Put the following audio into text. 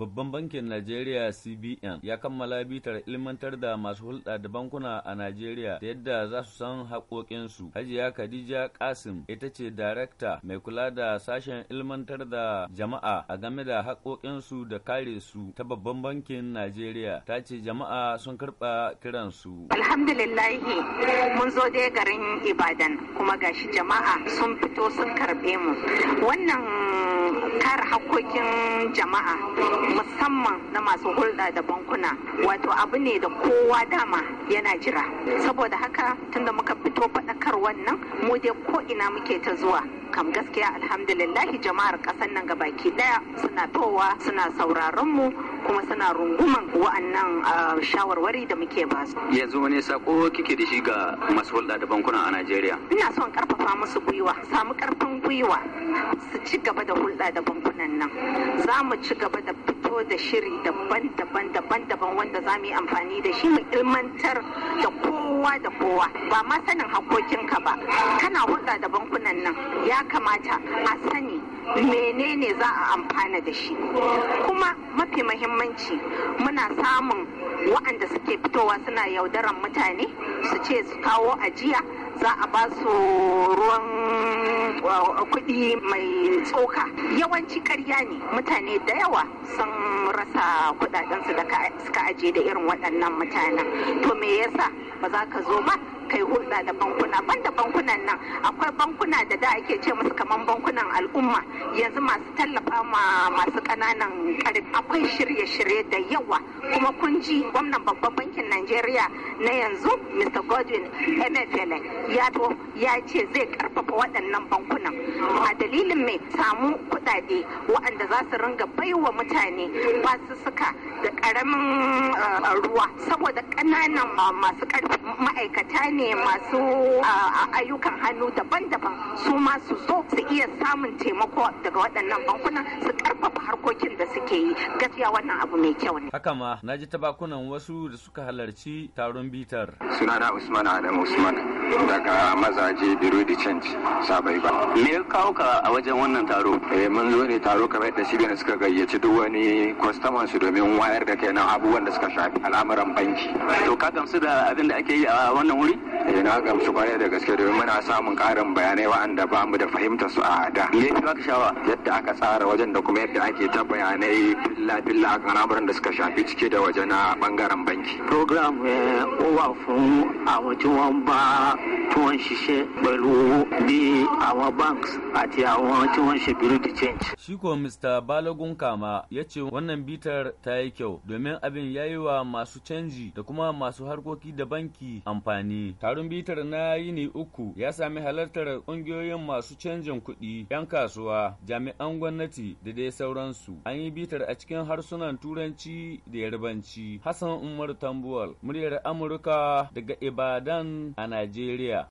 Babban bankin Najeriya CBN ya kammala bitar ilmantar da masu hulɗa da bankuna a Najeriya da yadda za su san haƙoƙinsu. Hajiya Khadija Kasim ita ce darakta mai kula da sashen ilmantar da jama'a a game da haƙoƙinsu da kare su ta babban bankin Najeriya ta ce jama'a sun karɓa kiransu. Alhamdulillahi mun zo dai garin Ibadan kuma gashi jama'a sun fito sun karɓe mu. Wannan kar haƙoƙin jama'a musamman na masu hulɗa da bankuna wato abu ne da kowa dama yana jira saboda haka tunda muka fito faɗakar wannan mu dai ko ina muke ta zuwa kam gaskiya alhamdulillahi jama'ar ƙasar nan gabaki ɗaya suna towa suna sauraron mu kuma suna runguman wa'annan ah, shawarwari da muke ba su. yanzu wani sako kike da shi ga masu hulɗa da bankuna a najeriya ina son karfafa musu gwiwa samu karfin gwiwa su ci gaba da hulɗa da bankunan nan za mu ci gaba da zo da shiri daban-daban daban wanda za mu yi amfani da shi mu ilmantar da kowa da kowa ba ma sanin hakokinka ba kana hulɗa da bankunan nan ya kamata a sani menene za a amfana da shi kuma mafi mahimmanci muna samun wa'anda suke fitowa suna yaudaran mutane su ce su kawo ajiya za a ba su ruwan kuɗi mai tsoka yawanci karya ne mutane da yawa sun rasa kuɗaɗensu da suka aje da irin waɗannan mutanen to me yasa ba za ka zo ba kai hulɗa da bankuna banda bankunan nan akwai bankuna da da ake ce musu kaman bankunan al'umma yanzu masu tallafa ma masu ƙananan ƙarfi akwai shirye-shirye da yawa kuma kun ji gwamnan babban bankin Najeriya na yanzu Mr. Godwin MFL ya to ya ce zai karfafa waɗannan bankunan a dalilin mai samu kuɗaɗe waɗanda za su ringa baiwa mutane suka da ƙaramin eh, ruwa saboda kananan masu ma'aikata ne masu ayyukan hannu daban-daban su ma su su iya samun taimako daga waɗannan bankunan su suke yi gaskiya wannan abu mai kyau ne haka ma na ji tabakunan wasu da suka halarci taron bitar sunana usman adam usman daga mazaje biro da canji sabai ba me ya kawo ka a wajen wannan taro eh, mun zo ne taro kamar da shirin suka gayyaci duk wani customer su domin wayar da kenan abubuwan da suka shafi al'amuran banki to ka gamsu da abin da ake yi a wannan wuri eh na gamsu kwarai da gaske domin muna samun karin bayanai wa'anda ba mu da fahimta su a da me yake baka shawa yadda aka tsara wajen da kuma yadda ake ta bayanai billa billa a al'amuran da suka shafi cike da waje na bangaren banki program ó wà fun àwọn tí wọ́n ba tí wọ́n ń ṣiṣẹ́ pẹ̀lú banks àti àwọn tí wọ́n ń ṣe change shi ko mr balogun kama ya ce wannan bitar ta yi kyau domin abin ya yi wa masu canji da kuma masu harkoki da banki amfani harin bitar na yini uku ya sami halartar ƙungiyoyin masu canjin kuɗi, 'yan kasuwa, jami'an gwamnati da dai sauransu. An yi bitar a cikin harsunan Turanci da Yarbanci. Hassan Umar Tambuwal, muryar Amurka daga Ibadan a Najeriya.